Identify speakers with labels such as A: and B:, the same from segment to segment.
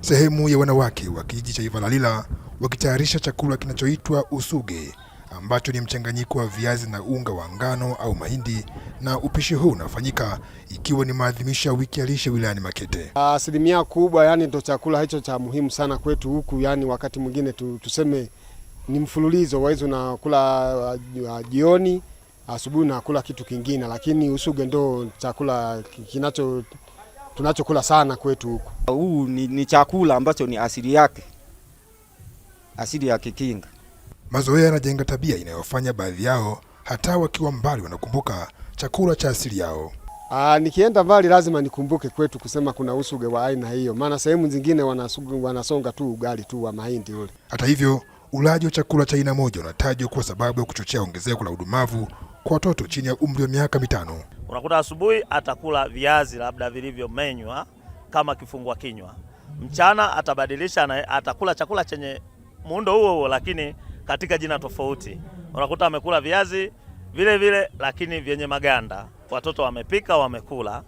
A: sehemu ya wanawake wa kijiji cha Ivalalila wakitayarisha chakula kinachoitwa usuge ambacho ni mchanganyiko wa viazi na unga wa ngano au mahindi, na upishi huu unafanyika ikiwa ni maadhimisho ya wiki ya lishe wilayani Makete.
B: Ah, asilimia kubwa yani ndo chakula hicho cha muhimu sana kwetu huku, yani wakati mwingine tu, tuseme ni mfululizo waizi unakula ah, jioni, asubuhi unakula kitu kingine, lakini usuge ndo chakula kinacho tunachokula sana kwetu huku.
C: Huu ni, ni chakula ambacho ni asili yake, asili ya Kikinga.
A: Mazoea yanajenga tabia inayofanya baadhi yao hata wakiwa mbali wanakumbuka chakula cha asili yao.
B: Aa, nikienda mbali lazima nikumbuke kwetu kusema kuna usuge wa aina hiyo, maana sehemu zingine wanasonga tu ugali tu wa mahindi ule.
A: Hata hivyo, ulaji wa chakula cha aina moja unatajwa kuwa sababu ya kuchochea ongezeko la udumavu kwa watoto chini ya umri wa miaka mitano.
D: Unakuta asubuhi atakula viazi labda vilivyomenywa kama kifungua kinywa, mchana atabadilisha na atakula chakula chenye muundo huo huo lakini katika jina tofauti. Unakuta amekula viazi vile vile lakini vyenye maganda, watoto wamepika wamekula,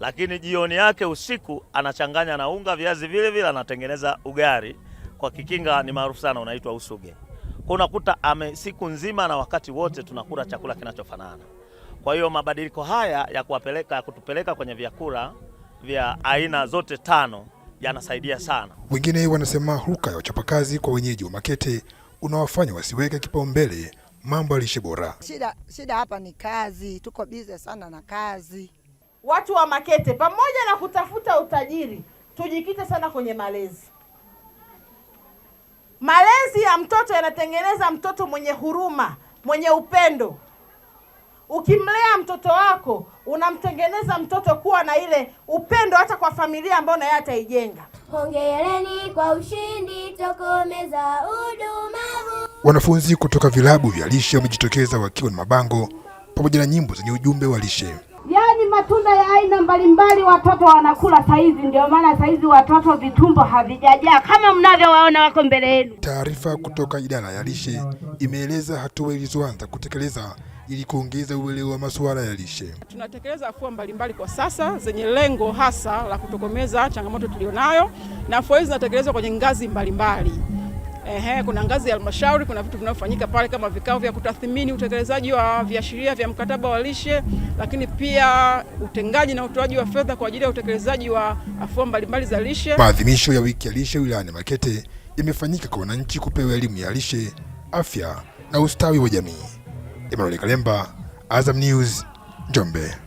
D: lakini jioni yake usiku anachanganya na unga viazi vile vile, anatengeneza ugali kwa Kikinga ni maarufu sana unaitwa usuge. Kwa unakuta ame siku nzima na wakati wote tunakula chakula kinachofanana. Kwa hiyo mabadiliko haya ya kuwapeleka ya kutupeleka kwenye vyakula vya aina zote tano yanasaidia sana.
A: Wengine wanasema hulka ya uchapakazi kwa wenyeji wa Makete unawafanya wasiweke kipaumbele mambo ya lishe bora.
E: Shida, shida hapa ni kazi, tuko bize sana na kazi.
F: Watu wa Makete pamoja na kutafuta utajiri, tujikite sana kwenye malezi malezi ya mtoto yanatengeneza mtoto mwenye huruma, mwenye upendo. Ukimlea mtoto wako unamtengeneza mtoto kuwa na ile upendo hata kwa familia ambayo naye ataijenga. Hongereni kwa ushindi,
A: tokomeza udumavu. Wanafunzi kutoka vilabu vya lishe wamejitokeza wakiwa na mabango pamoja na nyimbo zenye ujumbe wa lishe
G: yaani matunda ya aina mbalimbali watoto wanakula saizi. Ndio maana saizi watoto vitumbo havijajaa kama mnavyowaona wako mbele yenu.
A: Taarifa kutoka idara ya lishe imeeleza hatua ilizoanza kutekeleza ili kuongeza uelewa wa masuala ya lishe.
H: Tunatekeleza afua mbalimbali kwa sasa zenye lengo hasa la kutokomeza changamoto tulionayo, na afua hizi zinatekelezwa kwenye ngazi mbalimbali mbali. Ehe, kuna ngazi ya halmashauri, kuna vitu vinavyofanyika pale kama vikao vya kutathmini utekelezaji wa viashiria vya mkataba wa lishe, lakini pia utengaji na utoaji wa fedha kwa ajili ya utekelezaji wa afua mbalimbali za lishe.
A: Maadhimisho ya wiki ya lishe wilayani Makete yamefanyika kwa wananchi kupewa elimu ya lishe, afya na ustawi wa jamii. Emmanuel Kalemba, Azam News, Njombe.